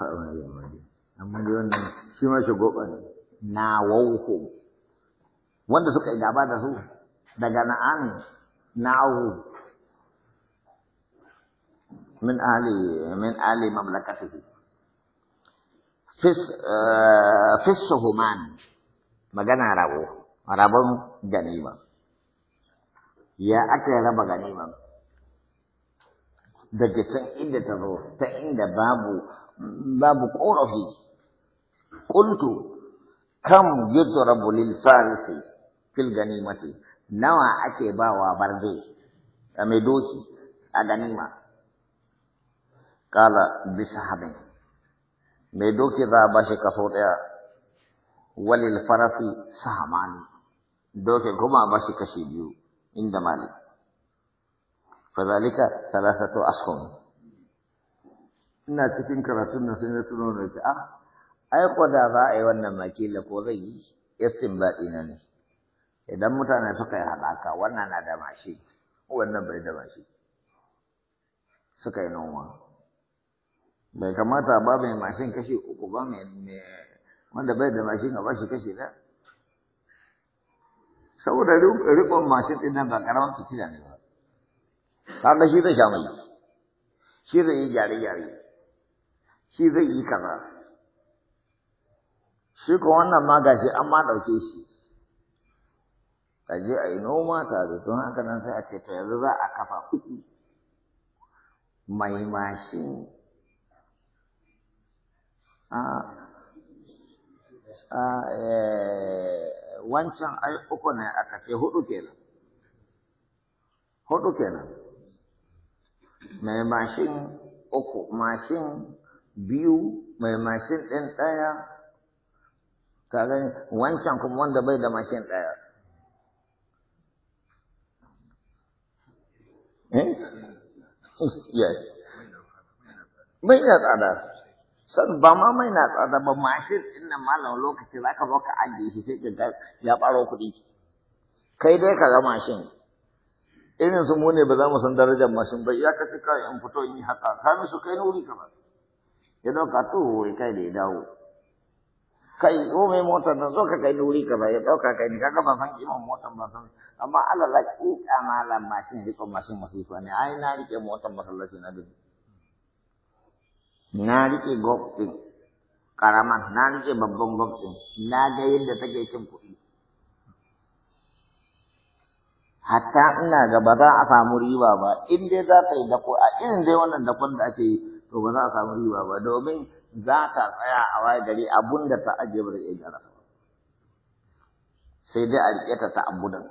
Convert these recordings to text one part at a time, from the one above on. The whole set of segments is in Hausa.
fa'un ya maje amma dai wannan shi ma shi goba ne na wauhu wanda suka yi gaba da su daga na na'ahu min ali min ali mamlakatihi fis eh, fis suhuman magana rabo rabon ganima ya aka raba ganima daga san inda ta zo ta inda babu باب قرعه قلت كم يضرب للفارس في الغنيمة نوى أكي باوا بردي أمدوشي أغنيمة قال بسحبه ميدوكي راباشي كفوريا وللفرس سهمان دوكي غما باشي كشيديو عند مالك فذلك ثلاثة أسهم ina cikin karatun na sai na tuno da ta ah ai kwada da za a yi wannan makila ko zai yi istinbadi na ne idan mutane suka yi haɗaka wannan na da mashi wannan bai da mashi suka yi noma bai kamata ba mai mashin kashi uku ba mai wanda bai da mashin a bashi kashi da. saboda riƙon mashin ɗin nan ba ƙaramin fitila ne ba ga shi zai sha mai shi zai yi gyare-gyare shi zai yi kaza shi ko wannan ma gashi an ma ɗauke shi ta je a yi noma tare don haka nan sai a ce to yanzu za a kafa kuɗi mai mashin a wancan ai uku ne aka ce hudu na hudu na mai mashin uku mashin biyu mai mashin ɗin ɗaya ka gani wancan kuma wanda bai da mashin ɗaya mai eh? na tsada san ba ma mai na tsada ba mashin ɗin nan malam lokaci za ka zo ka ajiye shi sai ka ya ɓaro kuɗi kai dai ka ga mashin irin su mu ne ba za mu san darajar mashin ba ya kashi kawai in fito in yi haka ka su kai na wuri kamar ya ɗauka tuhu kai da ya dawo kai ko mai motar nan zo ka kai da wuri ba? ya ɗauka kai ne kaga ba san kiman motar ba san amma Allah la kika malam mashin riko mashin masifa ne ai na rike motar masallaci na dubi na rike gob din karaman na rike babban gob din na ga yadda take cin kuɗi hatta ina ga ba za a samu riba ba in dai za ka yi dako a irin dai wannan dakon da ake yi to ba za a samu riba ba domin za ta tsaya a waye gari abun da ta ajiye ba zai iya gyara ba sai dai a riƙe ta ta abudan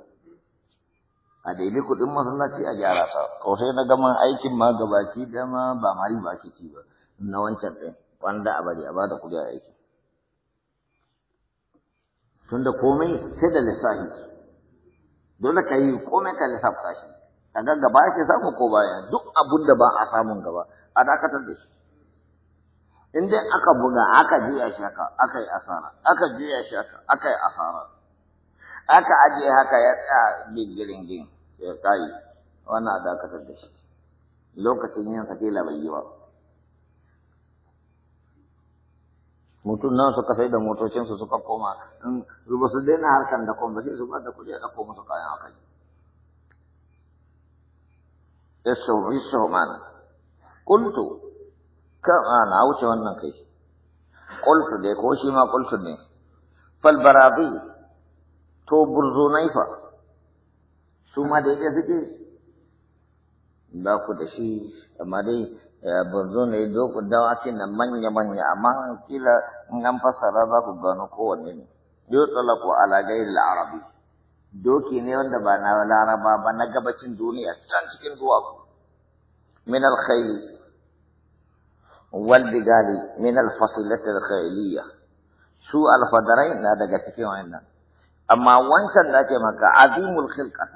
a daidai kuɗin masallaci a gyara ta ko sai na gama aikin ma gabaki dama ba ma riba ke ci ba na wancan ɗin wanda a bari a ba da kuɗi a aiki tunda komai sai da lissafi dole ka yi komai ka lissafta shi kaga gaba ake samu ko baya duk abun da ba a samun gaba a dakatar da shi in dai aka buga aka juya shi haka aka yi asara aka juya shi haka aka yi asara aka ajiye haka ya tsaya bin giringin ya tsayi wannan a dakatar da shi lokacin yin sakila bai yi ba mutum nan suka sai da motocinsu suka koma in ba su daina harkar da kuma sai su ba da kuɗi a ɗauko musu kayan haka Ya Yasau, yasau mana. kultu kam ana wuce wannan kai Kultu dai ko shi ma kultu ne fal barabi to burzunai fa su ma dai yake suke ba ku da shi amma dai eh, burzunai doku dawaki na manya manya amma kila in an fassara za ku gano kowanne ne ko ala ghayril arabi doki ne wanda ba na laraba ba na gabacin duniya can cikin ko. min alkhayl والبغالي من الفصيلة الخيلية سوء الفدرين لا دقتك وعنا أما وانشا لك مكا عظيم الخلقة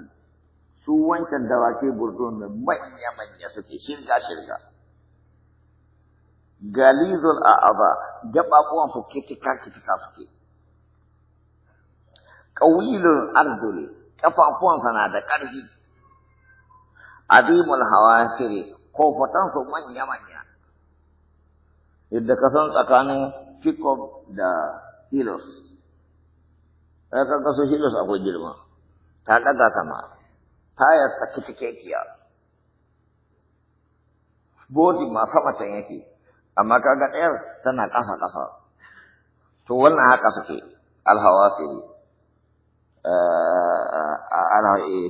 سوء وانشا دواكي بردون من يمن يسكي شرقا شرقا غليظ الأعضاء جب أقوان فكي تكا تكا فكي قويل الأرض لي كفا أقوان سنادة كرهي عظيم الهواتر خوفتان سوء من يمن yadda ka san tsakanin kikof da hilos ya kan kaso hilos akwai girma ta ɗaga sama tayar ta kifikiya bodi ma sama can yake amma kaga ɗayar tana ƙasa ƙasa to wannan haka suke yi eh, eh, eh,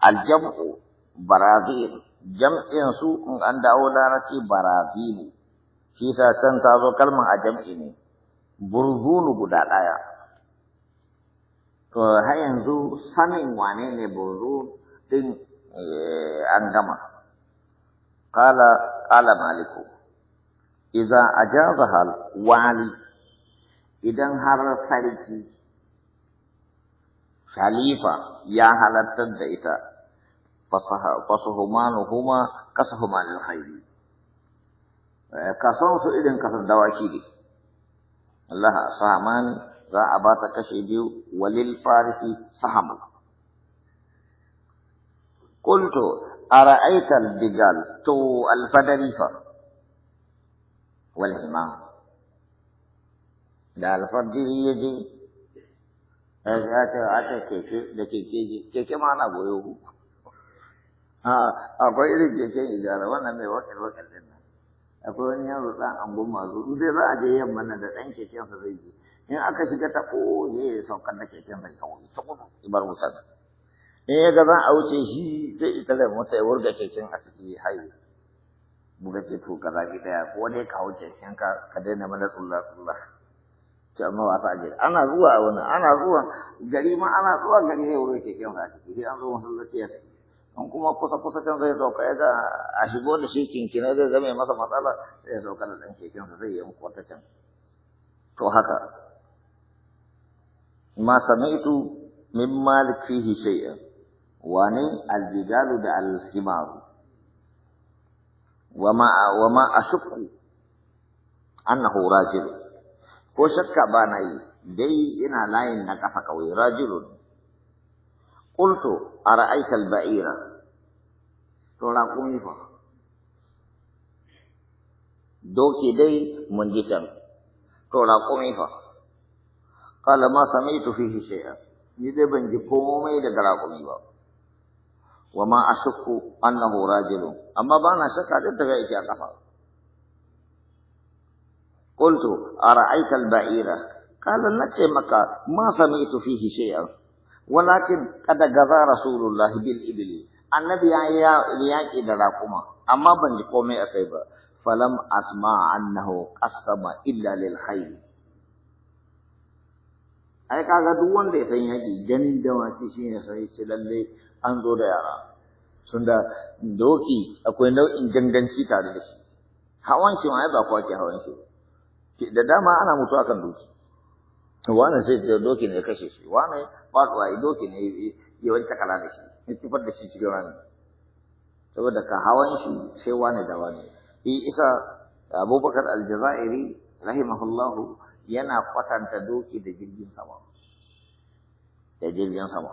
aljam'u barazil jam'in su in an dawo ce barazilu Kisa can ta zo kalmar a jam'i ne burzulu guda ɗaya to har yanzu sanin wane ne burzul din an gama kala qala maliku idza ajazaha wali idan har sarki khalifa ya halartar da ita fasuhumanuhuma kasahuma lil khairi Eh, kason su irin kasan dawaki ne Allah sahamani za a ba ta kashe biyu walil farisi sahama. qultu ara'aita al-bigal to al-fadari fa wal himam da alfadiri ya je eh, ya ce a ta keke da keke keke ma na goyo ku ah, akwai irin keken ijara wannan mai wakil wakil din akwai wani yaro ɗan angon mazu in dai za a je yamma nan da ɗan sa zai je in aka shiga ta ko oh, ne ya saukar da keken sa wuce ta gudu ibar wutar in ya ga za a wuce shi zai ita da mota ya wurga keken a ciki haye muka ce to ka zaɓi ɗaya ko dai ka wuce keken ka ka daina mana tsulla tsulla ce amma wasa je ana zuwa a wani ana zuwa gari ma ana zuwa gari zai wurga kekensa a ciki sai an zo masallaci ya tafi in kuma kusa kusa can zai sauka ya ga a shigo da shi kinkinai zai zame masa matsala sai ya sauka da ɗan kekensa zai yi wata can to haka ma sami'tu min malik fihi wani aljidalu da alhimaru wama wama ashukku annahu jiru. ko shakka ba na yi dai ina layin na kafa kawai rajulun qultu ara'aita al-ba'ira to raƙumi fa doki dai mun ji can to raƙumi fa Kala ma sami tufi fihi ya, ni dai ban ji komai daga raƙumi ba wa ma a an na annahu rajulun amma ba na shakka da daga yake kafa qultu ara'aita al-ba'ira qala nace maka ma sami tufi fihi ya. walakin kada gaza rasulullah bil ibli annabi ya yaki da raƙuma amma ban ji komai a kai ba falam asma annahu qasama illa lil khayr ai kaga duk wanda ya san yaki ganin wace shine sai shi lalle an zo da yara tunda doki akwai nau'in ganganci tare da shi hawan shi ma ai ba kwaki hawan shi da dama ana mutuwa kan doki wane sai doki ne kashe shi wane faɗuwa ya doki ne ya wanke kala da shi ya kifar da shi cikin rami saboda ka hawan shi sai wani da wani yi isa abubakar aljazairi rahimahullahu yana kwatanta doki da jirgin sama da jirgin sama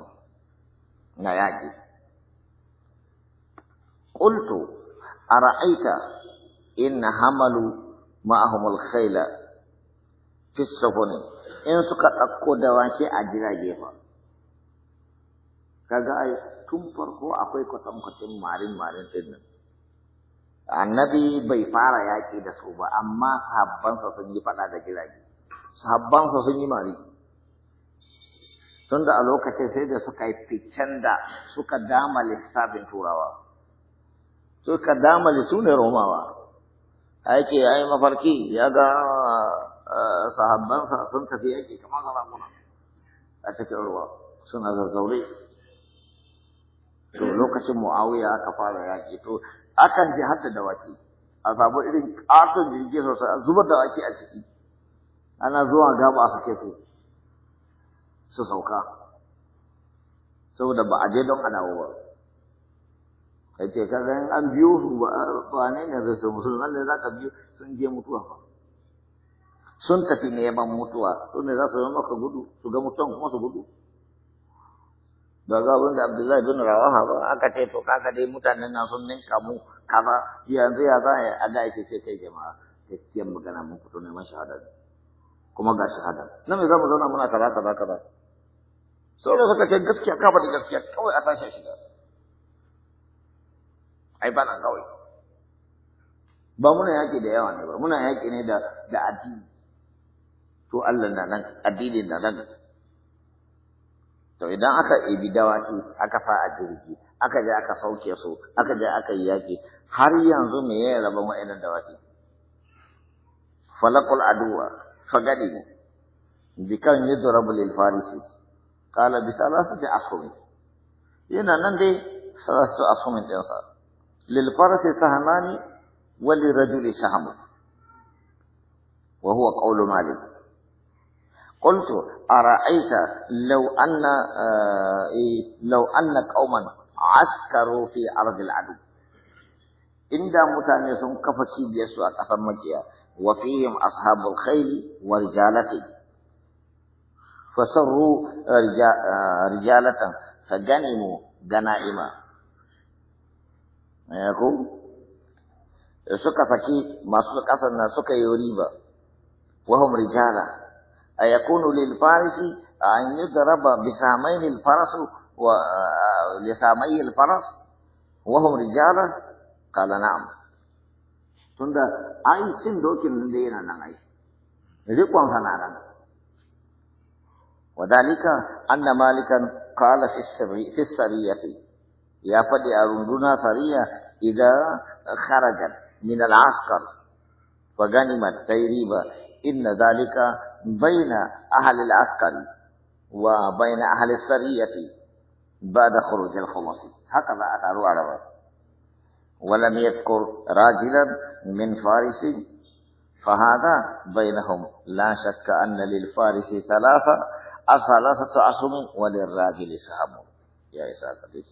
na yaƙi a ra'aita in hamalu ma'ahumul khaila fi safuni in suka ɗauko da wanshi a jiragefa kaga ai tun farko akwai kwatankwacin marin marin din nan annabi bai fara yaƙi da su ba amma sahabbansa sun yi faɗa da gidaje. sahabbansa sun yi mari tunda a lokacin sai da suka yi ficen da suka dama lissafin turawa suka dama su ne romawa ake ya yi mafarki ya ga eh, sahabbansa sun tafi yaƙi kamar sarakuna a cikin ruwa suna zazzaure to lokacin muawiya aka fara yaki to akan je hadda da waki a samu irin katon jirgin sosai a zubar da waki a ciki ana zuwa gaba a sake su su sauka saboda ba a je don a dawo ba kai ce ka ganin an biyo su ba ne ne zai su nan ne za ka biyo sun je mutuwa ba. sun tafi neman mutuwa su ne za su yi maka gudu su ga mutuwan kuma su gudu ba ga abin da Abdullahi bin Rawaha ba aka ce to kaka dai mutanen nan sun ninka mu kaza yanzu ya za a da ake ce kai jama'a gaskiyar magana mun fito neman shahada kuma ga shahada na me zamu zauna muna kaza kaza kaza da suka ce gaskiya ka da gaskiya kawai a tashi shiga ai ba nan kawai ba muna yaƙi da yawa ne ba muna yaƙi ne da addini to Allah na nan addini na nan To idan aka ibi dawaki aka fa a jirgi, aka je aka sauke su, aka je aka yi yaƙi, har yanzu me ya raba wa'inan dawaki? Falakul aduwa, fagadi ne, bikan yi lil farisi kala bi za su ji Yana nan dai sarrafa lil farisi sahmani wa lirajuli sahmu wa huwa qawlu malik قلت أرأيت لو أن آه، إيه، لو أن قوما عسكروا في أرض العدو إن متانيسون كفسي بيسوا كفمجيا وفيهم أصحاب الخيل ورجالتي فسروا آه، رجالة فجنموا جنائما يقول suka saki masuk asana suka yuriba وهم رجالة أيكون للفارس أن يضرب بسامين الفرس ولسامي الفرس وهم رجال قال نعم تند أي سندوك من دينا نعي رقم فنانا وذلك أن مالكا قال في السرية في السرية يا فدي أرندنا سرية إذا خرجت من العسكر فغنمت تيريبا إن ذلك بين أهل العسكري وبين أهل السرية بعد خروج الخمس هكذا على بعض ولم يذكر راجلا من فارس فهذا بينهم لا شك أن للفارس ثلاثة ثلاثة أصم وللراجل سهم يا إسحاق